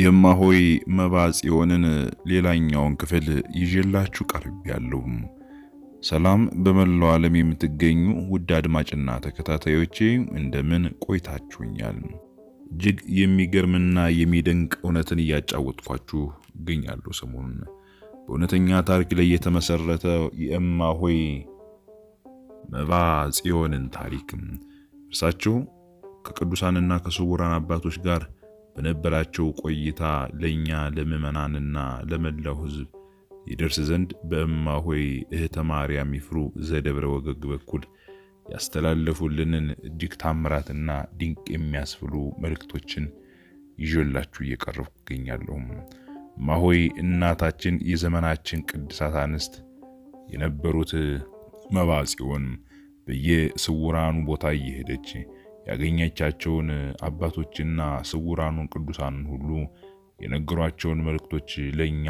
የማሆይ መባ ጽዮንን ሌላኛውን ክፍል ይዤላችሁ ቀርቤያለሁ። ሰላም በመላው ዓለም የምትገኙ ውድ አድማጭና ተከታታዮቼ እንደምን ቆይታችሁኛል? እጅግ የሚገርምና የሚደንቅ እውነትን እያጫወትኳችሁ እገኛለሁ። ሰሞኑን በእውነተኛ ታሪክ ላይ የተመሰረተ የእማሆይ መባ ጽዮንን ታሪክ እርሳቸው ከቅዱሳንና ከስውራን አባቶች ጋር በነበራቸው ቆይታ ለእኛ ለምዕመናንና ለመላው ሕዝብ ይደርስ ዘንድ በእማሆይ እህተ ማርያም ይፍሩ ዘደብረ ወገግ በኩል ያስተላለፉልንን እጅግ ታምራትና ድንቅ የሚያስብሉ መልእክቶችን ይዤላችሁ እየቀረብኩ እገኛለሁም። እማሆይ እናታችን የዘመናችን ቅድሳት አንስት የነበሩት መባጽዮን በየስውራኑ ቦታ እየሄደች ያገኘቻቸውን አባቶችና ስውራኑን ቅዱሳን ሁሉ የነገሯቸውን መልእክቶች ለእኛ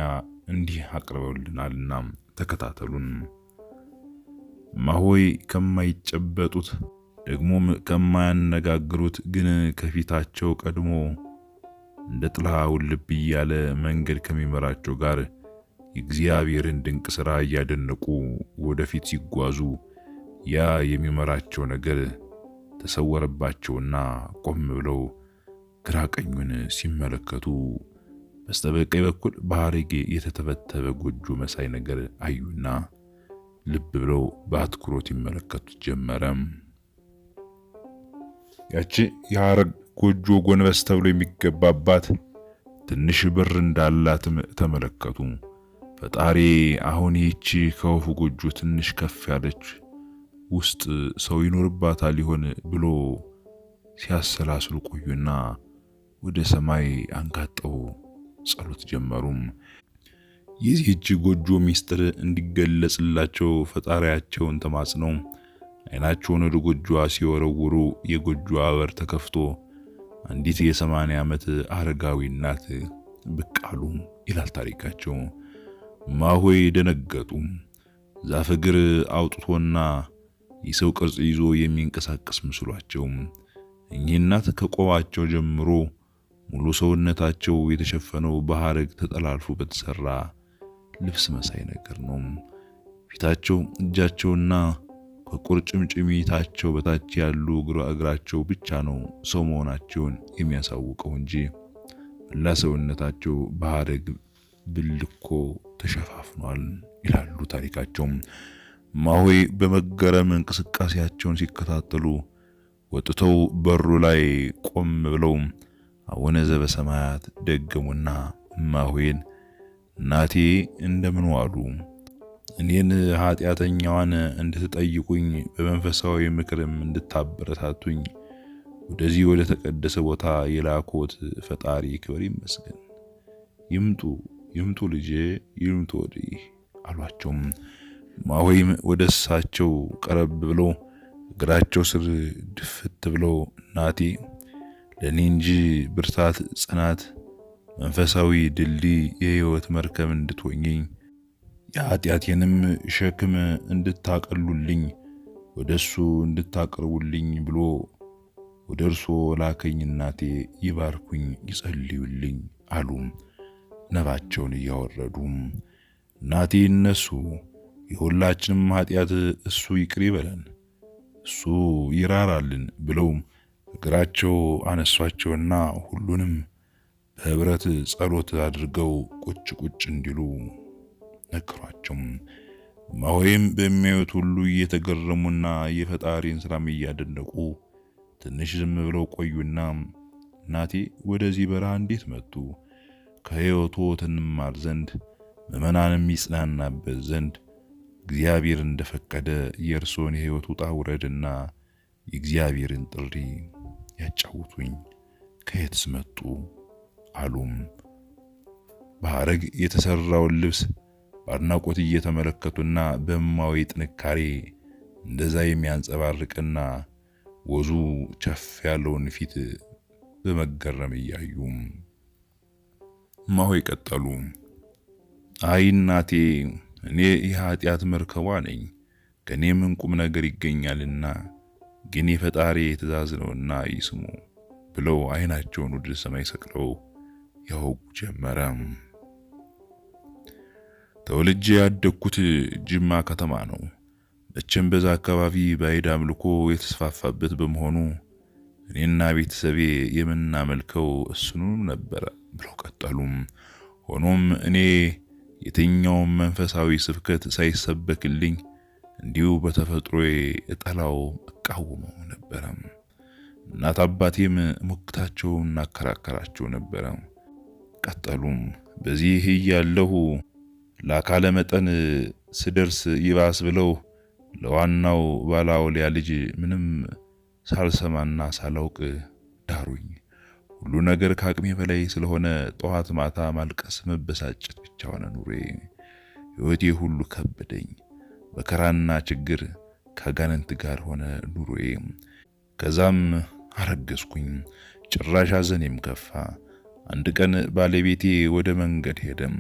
እንዲህ አቅርበውልናልና ተከታተሉን። ማሆይ ከማይጨበጡት ደግሞም ከማያነጋግሩት ግን ከፊታቸው ቀድሞ እንደ ጥላ ውልብ እያለ መንገድ ከሚመራቸው ጋር የእግዚአብሔርን ድንቅ ሥራ እያደነቁ ወደፊት ሲጓዙ ያ የሚመራቸው ነገር ተሰወረባቸውና ቆም ብለው ግራቀኙን ሲመለከቱ በስተቀኝ በኩል በሐረግ የተተበተበ ጎጆ መሳይ ነገር አዩና ልብ ብለው በአትኩሮት ይመለከቱት ጀመረም። ያቺ የሐረግ ጎጆ ጎንበስ ተብሎ የሚገባባት ትንሽ ብር እንዳላትም ተመለከቱ። ፈጣሪ አሁን ይቺ ከወፉ ጎጆ ትንሽ ከፍ ያለች ውስጥ ሰው ይኖርባታል ይሆን ብሎ ሲያሰላስሉ ቆዩና ወደ ሰማይ አንጋጠው ጸሎት ጀመሩም። የዚህች ጎጆ ሚስጥር እንዲገለጽላቸው ፈጣሪያቸውን ተማጽነው አይናቸውን ወደ ጎጆዋ ሲወረውሩ የጎጆዋ በር ተከፍቶ አንዲት የሰማንያ ዓመት አረጋዊ እናት ብቅ አሉ ይላል ታሪካቸው። ማሆይ ደነገጡ። ዛፍ እግር አውጥቶና የሰው ቅርጽ ይዞ የሚንቀሳቀስ ምስሏቸው። እኚህ እናት ከቆባቸው ጀምሮ ሙሉ ሰውነታቸው የተሸፈነው በሐረግ ተጠላልፎ በተሰራ ልብስ መሳይ ነገር ነው። ፊታቸው፣ እጃቸውና ከቁርጭምጭሚታቸው በታች ያሉ እግራቸው ብቻ ነው ሰው መሆናቸውን የሚያሳውቀው እንጂ መላ ሰውነታቸው በሐረግ ብልኮ ተሸፋፍኗል ይላሉ ታሪካቸው። ማሆይ በመገረም እንቅስቃሴያቸውን ሲከታተሉ ወጥተው በሩ ላይ ቆም ብለው አቡነ ዘበሰማያት ደገሙና ማሆይን እናቴ እንደምን ዋሉ? እኔን ኃጢአተኛዋን እንድትጠይቁኝ በመንፈሳዊ ምክርም እንድታበረታቱኝ ወደዚህ ወደ ተቀደሰ ቦታ የላኮት ፈጣሪ ክብር ይመስገን። ይምጡ ይምጡ ልጄ ይምጡ ወዲህ አሏቸውም። ማሆይም ወደ እሳቸው ቀረብ ብሎ እግራቸው ስር ድፍት ብሎ እናቴ ለእኔ እንጂ ብርታት፣ ጽናት፣ መንፈሳዊ ድልድይ የህይወት መርከብ እንድትወኝኝ የኃጢአቴንም ሸክም እንድታቀሉልኝ ወደ እሱ እንድታቀርቡልኝ ብሎ ወደ እርሶ ላከኝ። እናቴ ይባርኩኝ፣ ይጸልዩልኝ አሉም ነባቸውን እያወረዱም እናቴ እነሱ የሁላችንም ኃጢአት እሱ ይቅር ይበለን እሱ ይራራልን ብለውም እግራቸው አነሷቸውና ሁሉንም በህብረት ጸሎት አድርገው ቁጭ ቁጭ እንዲሉ ነክሯቸውም። ማሆይም በሚያዩት ሁሉ እየተገረሙና የፈጣሪን ስራም እያደነቁ ትንሽ ዝም ብለው ቆዩና እናቴ ወደዚህ በረሃ እንዴት መጡ? ከህይወቱ ትንማር ዘንድ ምዕመናንም ይጽናናበት ዘንድ እግዚአብሔር እንደፈቀደ የእርስዎን የህይወት ውጣ ውረድና የእግዚአብሔርን ጥሪ ያጫውቱኝ። ከየትስ መጡ አሉም። በሐረግ የተሰራውን ልብስ በአድናቆት እየተመለከቱና በእማዊ ጥንካሬ እንደዛ የሚያንጸባርቅና ወዙ ቸፍ ያለውን ፊት በመገረም እያዩ እማሆይ ቀጠሉ። አይ እናቴ እኔ የኃጢአት መርከቧ ነኝ፣ ከእኔ ምን ቁም ነገር ይገኛልና ግን የፈጣሪ ትእዛዝ ነውና ይስሙ ብለው ዓይናቸውን ወደ ሰማይ ሰቅለው ያውቁ ጀመረ። ተወልጄ ያደግኩት ጅማ ከተማ ነው። መቼም በዛ አካባቢ ባዕድ አምልኮ የተስፋፋበት በመሆኑ እኔና ቤተሰቤ የምናመልከው እሱኑ ነበረ ብለው ቀጠሉም። ሆኖም እኔ የትኛውም መንፈሳዊ ስብከት ሳይሰበክልኝ እንዲሁ በተፈጥሮ እጠላው እቃወመው ነበረም። እናት አባቴም እና እናከራከራቸው ነበረ። ቀጠሉም በዚህ እያለሁ ለአካለ መጠን ስደርስ ይባስ ብለው ለዋናው ባላወሊያ ልጅ ምንም ሳልሰማና ሳላውቅ ዳሩኝ። ሁሉ ነገር ከአቅሜ በላይ ስለሆነ ጠዋት ማታ ማልቀስ፣ መበሳጨት ብቻ ሆነ ኑሬ። ሕይወቴ ሁሉ ከበደኝ። በከራና ችግር ከአጋንንት ጋር ሆነ ኑሮዬ። ከዛም አረገዝኩኝ። ጭራሽ አዘኔም ከፋ። አንድ ቀን ባለቤቴ ወደ መንገድ ሄደም።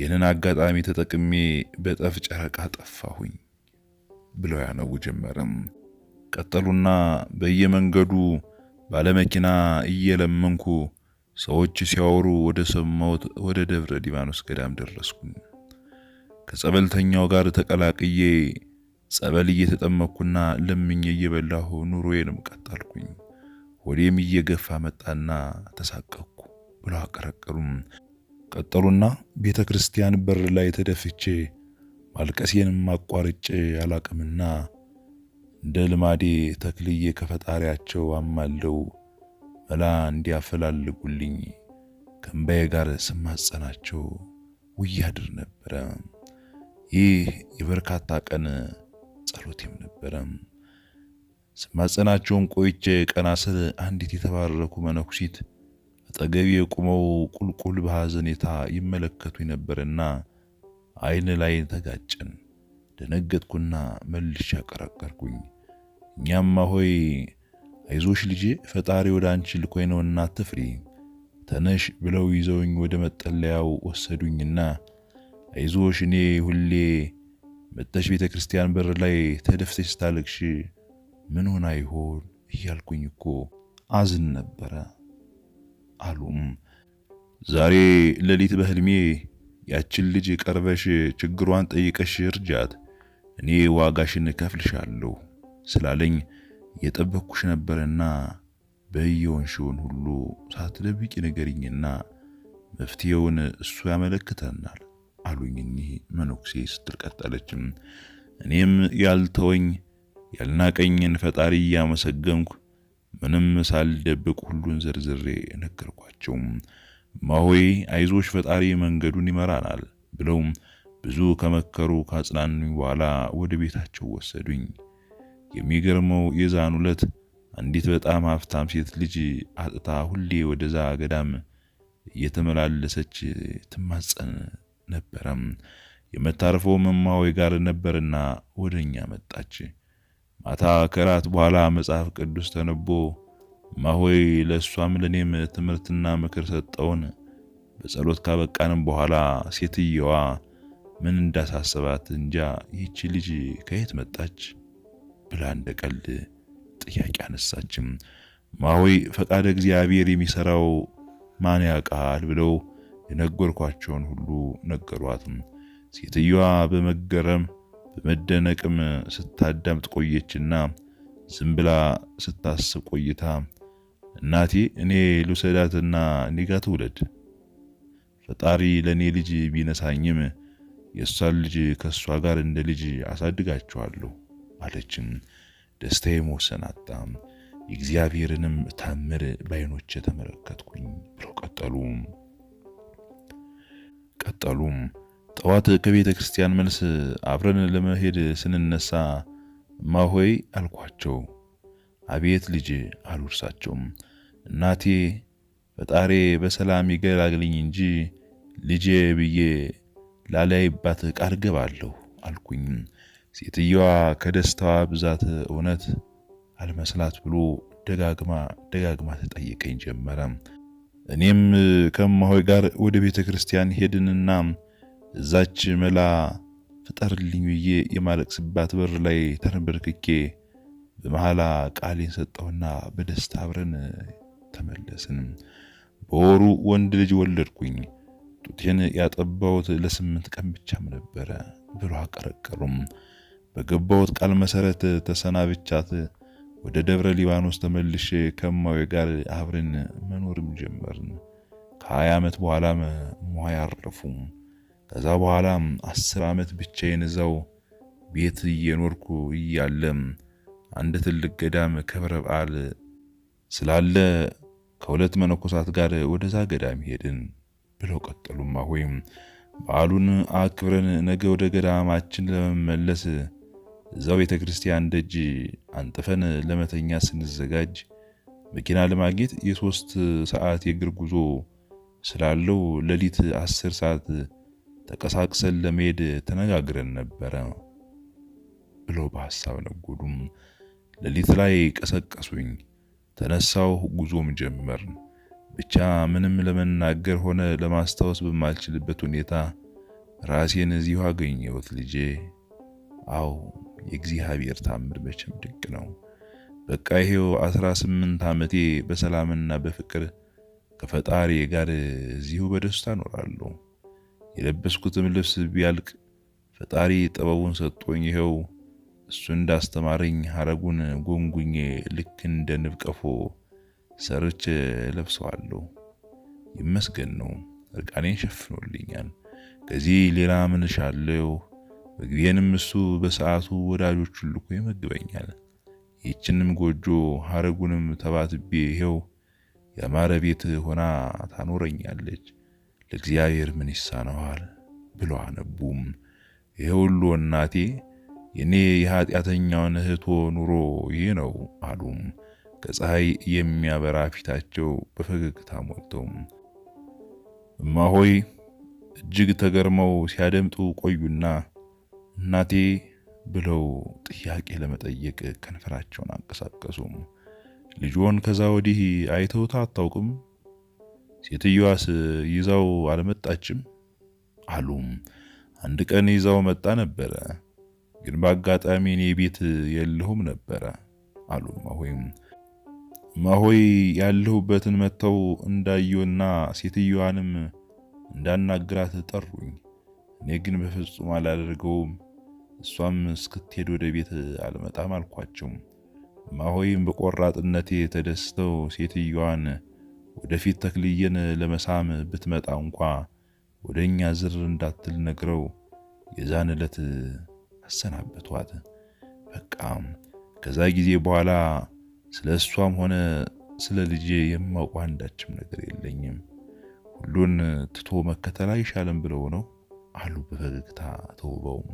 ይህንን አጋጣሚ ተጠቅሜ በጠፍ ጨረቃ ጠፋሁኝ ብለው ያነቡ ጀመረም። ቀጠሉና በየመንገዱ ባለመኪና እየለመንኩ ሰዎች ሲያወሩ ወደ ሰማሁት ወደ ደብረ ሊባኖስ ገዳም ደረስኩ። ከጸበልተኛው ጋር ተቀላቅዬ ጸበል እየተጠመኩና ለምኜ እየበላሁ ኑሮዬንም ቀጠልኩኝ። ወዴም እየገፋ መጣና ተሳቀቅኩ ብለው አቀረቀሩም። ቀጠሉና ቤተ ክርስቲያን በር ላይ ተደፍቼ ማልቀሴንም አቋርጬ አላቅምና እንደ ልማዴ ተክልዬ ከፈጣሪያቸው አማለው መላ እንዲያፈላልጉልኝ ከእምባዬ ጋር ስማጸናቸው ውያድር ነበረ። ይህ የበርካታ ቀን ጸሎቴም ነበረ። ስማጸናቸውን ቆይቼ ቀና ስል አንዲት የተባረኩ መነኩሲት አጠገቤ ቁመው ቁልቁል በሐዘኔታ ይመለከቱ ነበርና አይን ላይ ተጋጨን። ደነገጥኩና መልሼ አቀረቀርኩኝ። እኛማ ሆይ አይዞሽ ልጄ ፈጣሪ ወደ አንቺ ልኮኝ ነውና አትፍሪ፣ ተነሽ ብለው ይዘውኝ ወደ መጠለያው ወሰዱኝና አይዞሽ እኔ ሁሌ መጥተሽ ቤተ ክርስቲያን በር ላይ ተደፍተሽ ስታለቅሽ ምን ሆና ይሆን እያልኩኝ እኮ አዝን ነበረ አሉም። ዛሬ ሌሊት በህልሜ ያችን ልጅ ቀርበሽ ችግሯን ጠይቀሽ እርጃት፣ እኔ ዋጋሽን እከፍልሻለሁ ስላለኝ እየጠበቅኩሽ ነበርና በየወንሽውን ሁሉ ሳትደብቂ ንገሪኝና መፍትሄውን እሱ ያመለክተናል አሉኝ እኒህ መነኩሴ ስትል ቀጠለችም። እኔም ያልተወኝ ያልናቀኝን ፈጣሪ እያመሰገንኩ ምንም ሳልደብቅ ሁሉን ዘርዝሬ ነገርኳቸው። ማሆይ አይዞሽ ፈጣሪ መንገዱን ይመራናል ብለው ብዙ ከመከሩ ካጽናኑኝ በኋላ ወደ ቤታቸው ወሰዱኝ። የሚገርመው የዛን ዕለት አንዲት በጣም ሀብታም ሴት ልጅ አጥታ ሁሌ ወደዛ ገዳም እየተመላለሰች ትማጸን ነበረም። የምታርፈው እማሆይ ጋር ነበርና ወደኛ መጣች። ማታ ከራት በኋላ መጽሐፍ ቅዱስ ተነቦ እማሆይ ለእሷም ለእኔም ትምህርትና ምክር ሰጠውን። በጸሎት ካበቃንም በኋላ ሴትየዋ ምን እንዳሳሰባት እንጃ ይህች ልጅ ከየት መጣች ብላ እንደ ቀልድ ጥያቄ አነሳችም። ማዊ ፈቃደ እግዚአብሔር የሚሰራው ማን ያውቃል ብለው የነገርኳቸውን ሁሉ ነገሯትም። ሴትዮዋ በመገረም በመደነቅም ስታዳምጥ ቆየችና ዝም ብላ ስታስብ ቆይታ እናቴ እኔ ልውሰዳትና እኔጋ ትውለድ፣ ፈጣሪ ለእኔ ልጅ ቢነሳኝም የእሷን ልጅ ከእሷ ጋር እንደ ልጅ አሳድጋችኋለሁ አለችም። ደስታዬ መወሰን አጣም፣ የእግዚአብሔርንም ታምር በዓይኖቼ ተመለከትኩኝ ብለው ቀጠሉ ቀጠሉም ጠዋት ከቤተ ክርስቲያን መልስ አብረን ለመሄድ ስንነሳ ማሆይ አልኳቸው። አቤት ልጅ አሉ እርሳቸውም። እናቴ ፈጣሬ በሰላም ይገላግልኝ እንጂ ልጄ ብዬ ላላይባት ቃል ገባለሁ አልኩኝ። ሴትየዋ ከደስታዋ ብዛት እውነት አልመስላት ብሎ ደጋግማ ደጋግማ ተጠይቀኝ ጀመረ። እኔም ከማሆይ ጋር ወደ ቤተ ክርስቲያን ሄድንና እዛች መላ ፍጠርልኝ ብዬ የማለቅስባት በር ላይ ተንበርክኬ በመሐላ ቃሌን ሰጠውና በደስታ አብረን ተመለስን። በወሩ ወንድ ልጅ ወለድኩኝ። ጡቴን ያጠባሁት ለስምንት ቀን ብቻም ነበረ ብሎ አቀረቀሩም። በገባሁት ቃል መሰረት ተሰናብቻት ወደ ደብረ ሊባኖስ ተመልሼ ከማዊ ጋር አብረን መኖርም ጀመርን። ከሀያ ዓመት በኋላም ሙሃይ አረፉ። ከዛ በኋላ አስር ዓመት ብቻዬን እዛው ቤት እየኖርኩ እያለ አንድ ትልቅ ገዳም ክብረ በዓል ስላለ ከሁለት መነኮሳት ጋር ወደዛ ገዳም ሄድን ብለው ቀጠሉማ። ሆይም በዓሉን አክብረን ነገ ወደ ገዳማችን ለመመለስ እዛው ቤተ ክርስቲያን ደጅ አንጥፈን ለመተኛ ስንዘጋጅ መኪና ለማግኘት የሶስት ሰዓት የእግር ጉዞ ስላለው ሌሊት አስር ሰዓት ተቀሳቅሰን ለመሄድ ተነጋግረን ነበረ ብሎ በሐሳብ ነጎዱም። ሌሊት ላይ ቀሰቀሱኝ። ተነሳው፣ ጉዞም ጀመርን። ብቻ ምንም ለመናገር ሆነ ለማስታወስ በማልችልበት ሁኔታ ራሴን እዚሁ አገኘሁት ልጄ። አው። የእግዚአብሔር ታምር መቼም ድንቅ ነው። በቃ ይሄው 18 ዓመቴ በሰላምና በፍቅር ከፈጣሪ ጋር እዚሁ በደስታ እኖራለሁ። የለበስኩትም ልብስ ቢያልቅ ፈጣሪ ጥበቡን ሰጥቶኝ ይኸው እሱ እንዳስተማረኝ ሐረጉን ጎንጉኜ ልክ እንደ ንብ ቀፎ ሰርች ለብሰዋለሁ። ይመስገን ነው፣ እርቃኔን ሸፍኖልኛል። ከዚህ ሌላ ምን እሻለሁ? ምግቤንም እሱ በሰዓቱ ወዳጆቹን ልኮ ይመግበኛል። ይህችንም ጎጆ ሀረጉንም ተባትቤ ይሄው ያማረ ቤት ሆና ታኖረኛለች። ለእግዚአብሔር ምን ይሳነዋል ብሎ አነቡም። ይሄ ሁሉ እናቴ የኔ የኃጢአተኛውን እህቶ ኑሮ ይህ ነው አሉም። ከፀሐይ የሚያበራ ፊታቸው በፈገግታ ሞልተውም እማሆይ እጅግ ተገርመው ሲያደምጡ ቆዩና እናቴ ብለው ጥያቄ ለመጠየቅ ከንፈራቸውን አንቀሳቀሱም። ልጅዎን ከዛ ወዲህ አይተውታ አታውቅም? ሴትዮዋስ ይዛው አልመጣችም? አሉም። አንድ ቀን ይዛው መጣ ነበረ፣ ግን በአጋጣሚ እኔ ቤት የለሁም ነበረ አሉ ማሆይም። ማሆይ ያለሁበትን መጥተው እንዳዩና ሴትዮዋንም እንዳናግራት ጠሩኝ። እኔ ግን በፍጹም አላደርገውም እሷም እስክትሄድ ወደ ቤት አልመጣም አልኳቸው። ማሆይም በቆራጥነቴ ተደስተው ሴትዮዋን ወደፊት ተክልዬን ለመሳም ብትመጣ እንኳ ወደ እኛ ዝር እንዳትል ነግረው የዛን ዕለት አሰናበቷት። በቃ ከዛ ጊዜ በኋላ ስለ እሷም ሆነ ስለ ልጄ የማውቀው አንዳችም ነገር የለኝም። ሁሉን ትቶ መከተል አይሻልም ብለው ነው አሉ በፈገግታ ተውበውም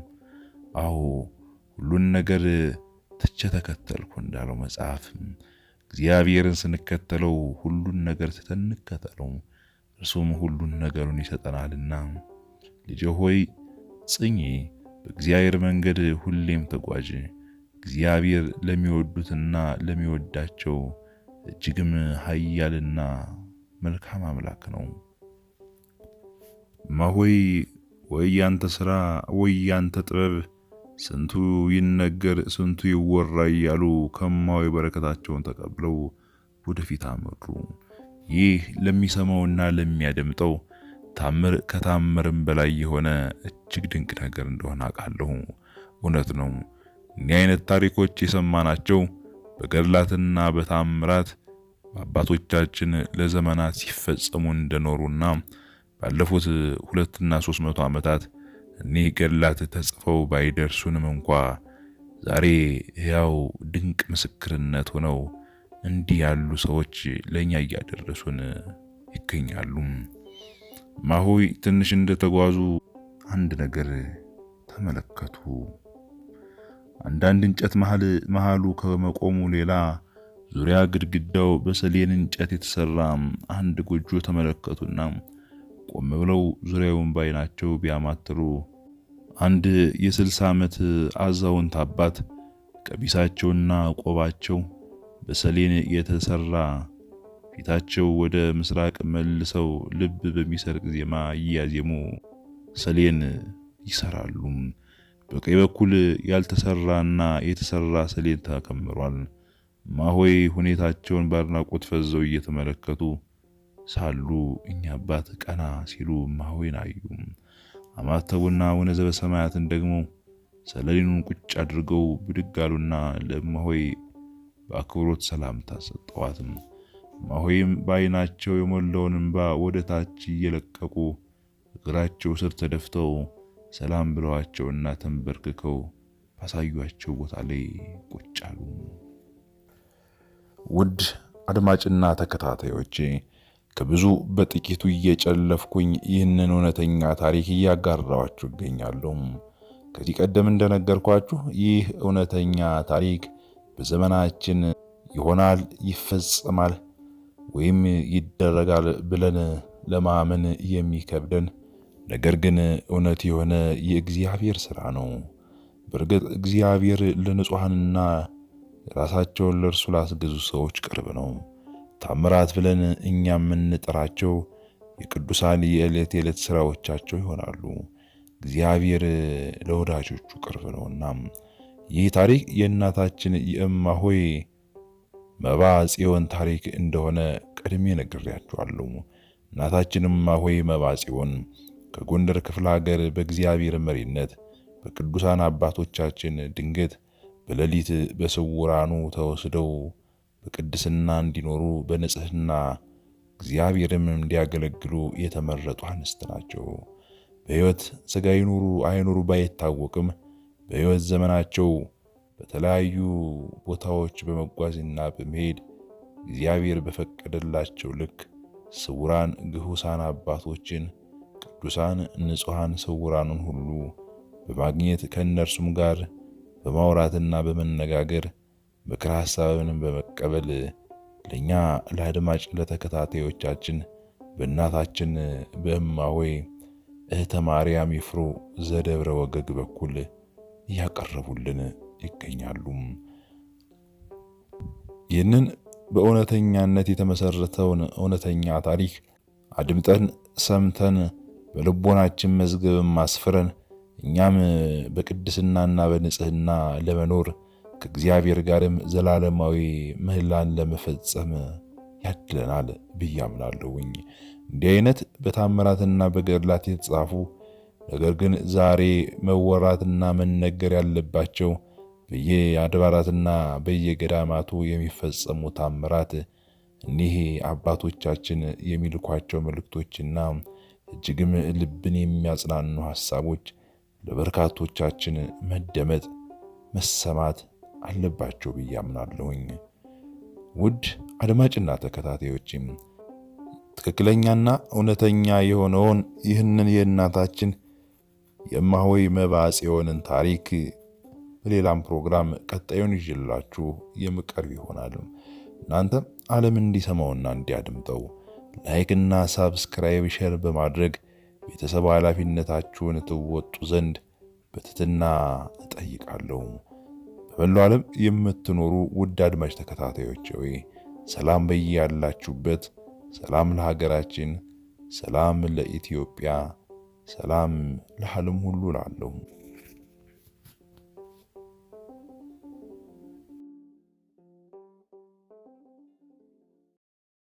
አዎ ሁሉን ነገር ትቼ ተከተልኩ እንዳለው መጽሐፍም እግዚአብሔርን ስንከተለው ሁሉን ነገር ትተን እንከተለው፣ እርሱም ሁሉን ነገሩን ይሰጠናልና። ልጅ ሆይ ጽኚ፣ በእግዚአብሔር መንገድ ሁሌም ተጓዥ። እግዚአብሔር ለሚወዱትና ለሚወዳቸው እጅግም ኃያልና መልካም አምላክ ነው። መሆይ ወይ ያንተ ስራ ወይ ያንተ ጥበብ ስንቱ ይነገር ስንቱ ይወራ እያሉ ከማዊ በረከታቸውን ተቀብለው ወደፊት አመሩ። ይህ ለሚሰማውና ለሚያደምጠው ታምር ከታምርም በላይ የሆነ እጅግ ድንቅ ነገር እንደሆነ አውቃለሁ። እውነት ነው። እኒህ አይነት ታሪኮች የሰማናቸው በገድላትና በታምራት በአባቶቻችን ለዘመናት ሲፈጸሙ እንደኖሩና ባለፉት ሁለትና ሶስት መቶ ዓመታት እኒህ ገላት ተጽፈው ባይደርሱንም እንኳ ዛሬ ሕያው ድንቅ ምስክርነት ሆነው እንዲህ ያሉ ሰዎች ለእኛ እያደረሱን ይገኛሉ። ማሆይ ትንሽ እንደተጓዙ አንድ ነገር ተመለከቱ። አንዳንድ እንጨት መሃል መሃሉ ከመቆሙ ሌላ ዙሪያ ግድግዳው በሰሌን እንጨት የተሰራ አንድ ጎጆ ተመለከቱና ቆም ብለው ዙሪያውን ባይናቸው ቢያማትሩ አንድ የ60 ዓመት አዛውንት አባት ቀሚሳቸውና ቆባቸው በሰሌን የተሰራ ፊታቸው ወደ ምስራቅ መልሰው ልብ በሚሰርቅ ዜማ እያዜሙ ሰሌን ይሰራሉ። በቀኝ በኩል ያልተሰራና የተሰራ ሰሌን ተከምሯል። ማሆይ ሁኔታቸውን በአድናቆት ፈዘው እየተመለከቱ ሳሉ እኛ አባት ቀና ሲሉ ማሆይን አዩ። አማተቡና ወነዘ በሰማያትን ደግሞ ሰለሊኑን ቁጭ አድርገው ብድግ አሉና በአክብሮት ሰላምታ ሰጠዋትም። እማሆይም በዓይናቸው የሞላውን እንባ ወደ ታች እየለቀቁ እግራቸው ስር ተደፍተው ሰላም ብለዋቸውና ተንበርክከው ባሳዩአቸው ቦታ ላይ ቁጭ አሉ። ውድ አድማጭና ተከታታዮቼ ከብዙ በጥቂቱ እየጨለፍኩኝ ይህንን እውነተኛ ታሪክ እያጋራኋችሁ እገኛለሁ። ከዚህ ቀደም እንደነገርኳችሁ ይህ እውነተኛ ታሪክ በዘመናችን ይሆናል፣ ይፈጸማል ወይም ይደረጋል ብለን ለማመን የሚከብደን ነገር ግን እውነት የሆነ የእግዚአብሔር ሥራ ነው። በእርግጥ እግዚአብሔር ለንጹሐንና ራሳቸውን ለእርሱ ላስገዙ ሰዎች ቅርብ ነው። ታምራት ብለን እኛ የምንጠራቸው የቅዱሳን የዕለት የዕለት ሥራዎቻቸው ይሆናሉ። እግዚአብሔር ለወዳጆቹ ቅርብ ነውና ይህ ታሪክ የእናታችን የእማሆይ መባ ጽዮን ታሪክ እንደሆነ ቀድሜ ነግሬያችኋለሁ። እናታችን እማሆይ መባ ጽዮን ከጎንደር ክፍለ ሀገር በእግዚአብሔር መሪነት በቅዱሳን አባቶቻችን ድንገት በሌሊት በስውራኑ ተወስደው በቅድስና እንዲኖሩ በንጽህና እግዚአብሔርም እንዲያገለግሉ የተመረጡ አንስት ናቸው። በሕይወት ሥጋ ይኑሩ አይኑሩ ባይታወቅም በሕይወት ዘመናቸው በተለያዩ ቦታዎች በመጓዝና በመሄድ እግዚአብሔር በፈቀደላቸው ልክ ስውራን ግሁሳን አባቶችን ቅዱሳን ንጹሐን ስውራንን ሁሉ በማግኘት ከእነርሱም ጋር በማውራትና በመነጋገር ምክር ሀሳብንም በመቀበል ለእኛ ለአድማጭ ለተከታታዮቻችን በእናታችን በእማሆይ እህተ ማርያም ይፍሩ ዘደብረ ወገግ በኩል እያቀረቡልን ይገኛሉ። ይህንን በእውነተኛነት የተመሰረተውን እውነተኛ ታሪክ አድምጠን ሰምተን በልቦናችን መዝገብ ማስፍረን እኛም በቅድስናና በንጽህና ለመኖር ከእግዚአብሔር ጋርም ዘላለማዊ ምህላን ለመፈጸም ያድለናል ብዬ አምናለሁኝ። እንዲህ አይነት በታምራትና በገድላት የተጻፉ ነገር ግን ዛሬ መወራትና መነገር ያለባቸው በየአድባራትና በየገዳማቱ የሚፈጸሙ ታምራት እኒህ አባቶቻችን የሚልኳቸው መልእክቶችና እጅግም ልብን የሚያጽናኑ ሐሳቦች ለበርካቶቻችን መደመጥ መሰማት አለባቸው ብዬ አምናለሁኝ። ውድ አድማጭና ተከታታዮችም ትክክለኛና እውነተኛ የሆነውን ይህንን የእናታችን የማሆይ መባጽ የሆንን ታሪክ በሌላም ፕሮግራም ቀጣዩን ይዤላችሁ የምቀርብ ይሆናል። እናንተም ዓለም እንዲሰማውና እንዲያድምጠው ላይክና ሳብስክራይብ፣ ሸር በማድረግ ቤተሰብ ኃላፊነታችሁን ትወጡ ዘንድ በትትና እጠይቃለሁ። በመላው ዓለም የምትኖሩ ውድ አድማጭ ተከታታዮች ሆይ ሰላም በያላችሁበት፣ ሰላም ለሀገራችን፣ ሰላም ለኢትዮጵያ፣ ሰላም ለዓለም ሁሉ ላለሁ